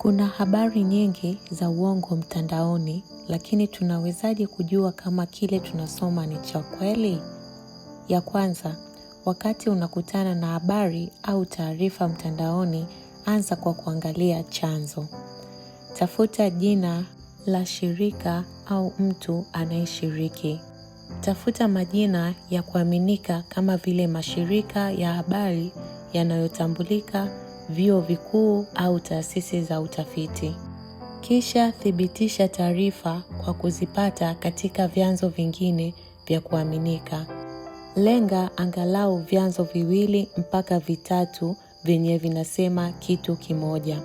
Kuna habari nyingi za uongo mtandaoni, lakini tunawezaje kujua kama kile tunasoma ni cha kweli? Ya kwanza, wakati unakutana na habari au taarifa mtandaoni, anza kwa kuangalia chanzo. Tafuta jina la shirika au mtu anayeshiriki. Tafuta majina ya kuaminika kama vile mashirika ya habari yanayotambulika vyuo vikuu au taasisi za utafiti. Kisha thibitisha taarifa kwa kuzipata katika vyanzo vingine vya kuaminika. Lenga angalau vyanzo viwili mpaka vitatu vyenye vinasema kitu kimoja.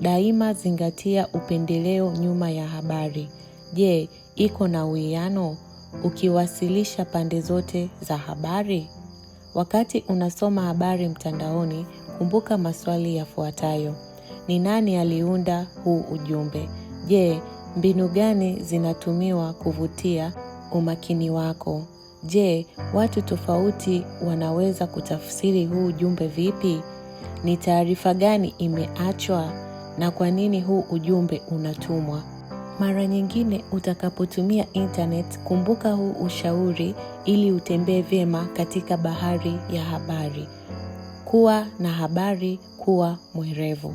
Daima zingatia upendeleo nyuma ya habari. Je, iko na uwiano ukiwasilisha pande zote za habari? Wakati unasoma habari mtandaoni, Kumbuka maswali yafuatayo: ni nani aliunda huu ujumbe? Je, mbinu gani zinatumiwa kuvutia umakini wako? Je, watu tofauti wanaweza kutafsiri huu ujumbe vipi? Ni taarifa gani imeachwa na kwa nini huu ujumbe unatumwa? Mara nyingine utakapotumia internet, kumbuka huu ushauri ili utembee vyema katika bahari ya habari. Kuwa na habari, kuwa mwerevu.